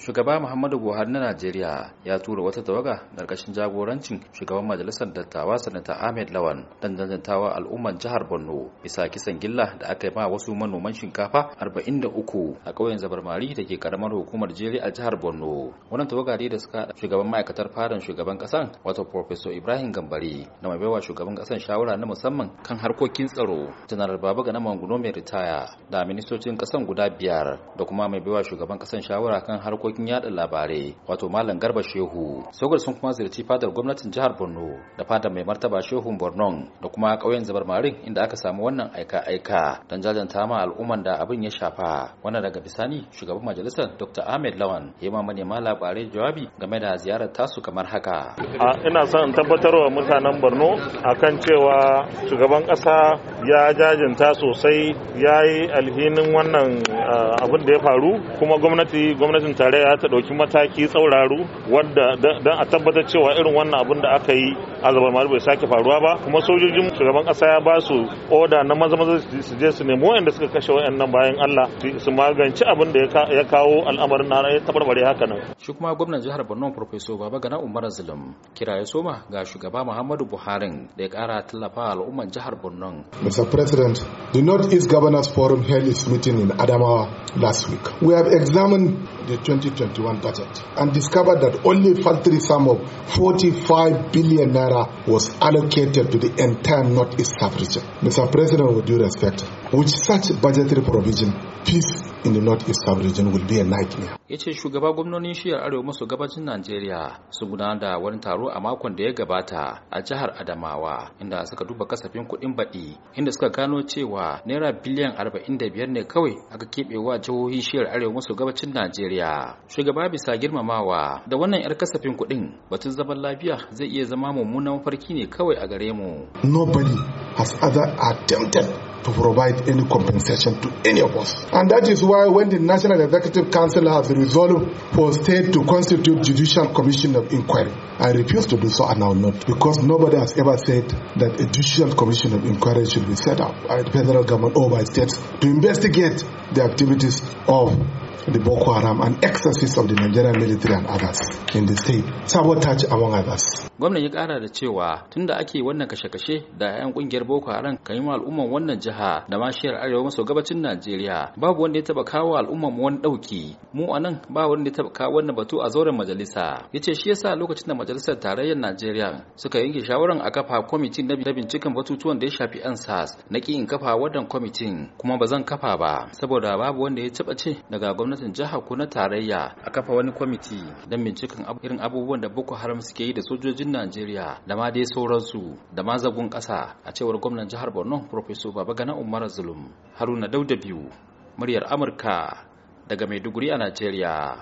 shugaba muhammadu buhari na najeriya ya tura wata tawaga ƙarƙashin jagorancin shugaban majalisar dattawa sanata ahmed lawan don dangantawa al'umman jihar borno bisa kisan gilla da aka yi ma wasu manoman shinkafa arba'in da uku, a ƙauyen zabarmari da ke karamar hukumar jere a jihar borno wannan tawaga ne da suka shugaban ma'aikatar fadan shugaban ƙasan wato professor ibrahim gambari da mai baiwa shugaban ƙasan shawara na musamman kan harkokin tsaro janar baba gana manguno mai ritaya da ministocin ƙasan guda biyar da kuma mai baiwa shugaban ƙasan shawara kan harkokin harkokin yada labarai wato malam garba shehu sogar sun kuma ziyarci fadar gwamnatin jihar borno da fadar mai martaba shehun borno da kuma ƙauyen zabar marin inda aka samu wannan aika-aika don jajanta ma al'umman da abin ya shafa wannan daga bisani shugaban majalisar dr ahmed lawan ya ma manema labarai jawabi game da ziyarar tasu kamar haka ina son tabbatar wa mutanen borno akan cewa shugaban ƙasa ya jajanta sosai ya yi alhinin wannan abin da ya faru kuma gwamnati gwamnatin tare ya ta dauki mataki tsauraru wanda don a tabbatar cewa irin wannan abin da aka yi a malu bai sake faruwa ba kuma sojojin shugaban kasa ya ba su oda na maza maza su je su nemi wayanda suka kashe wayannan bayan Allah su magance abin da ya kawo al'amarin na ya tabarbare haka nan shi kuma gwamnan jihar Borno Professor gana Umar Zulum kira ya soma ga shugaba Muhammadu Buhari da ya kara tallafa al'umman jihar Borno Mr President the North East Governors Forum held its meeting in Adamawa last week we have examined the 2021 budget and discovered that only a factory sum of 45 billion naira was allocated to the entire northeast sub-region. Mr. President, with due respect, with such budgetary provision, peace in the northeast sub-region will be a nightmare. Ya ce shugaba gwamnonin shiyar arewa maso gabacin Najeriya su gudanar da wani taro a makon da ya gabata a jihar Adamawa inda suka duba kasafin kuɗin baɗi inda suka gano cewa naira biliyan 45 ne kawai aka keɓewa jihohin shiyar arewa maso gabacin Najeriya. Shugaba bisa girmamawa da wannan 'yar kasafin kuɗin batun zaman lafiya zai iya zama mummunan mafarki ne kawai a gare mu. Nobody has ever attempted to provide any compensation to any of us. And that is why when the National Executive Council has resolved for state to constitute Judicial Commission of Inquiry, I refuse to do so and I will not because nobody has ever said that a Judicial Commission of Inquiry should be set up by the federal government or by states to investigate the activities of the Boko Haram and excesses of the Nigerian military and others in the state, sabotage among others. Gwamnan ya kara da cewa tunda ake wannan kashe-kashe da 'yan kungiyar Boko Haram kan yi al'umman wannan jiha da ma shiyar arewa maso gabacin Najeriya babu wanda ya taba kawo al'umman mu wani dauki. Mu a nan ba wanda ya taba kawo wannan batu a zauren majalisa. Ya ce shi yasa lokacin da majalisar tarayyar Najeriya suka yanke shawaran a kafa kwamitin na binciken batutuwan da ya shafi 'yan SAS na kin kafa wannan kwamitin kuma ba zan kafa ba saboda babu wanda ya taba ce daga gwamnati gwamnatin Jihar ko na tarayya a kafa wani kwamiti don binciken irin abubuwan da boko haram suke yi da sojojin najeriya da ma dai sauransu da ma zagon ƙasa a cewar gwamnan jihar borno professor babagana umar zulum haruna dauda biyu muryar amurka daga maiduguri a najeriya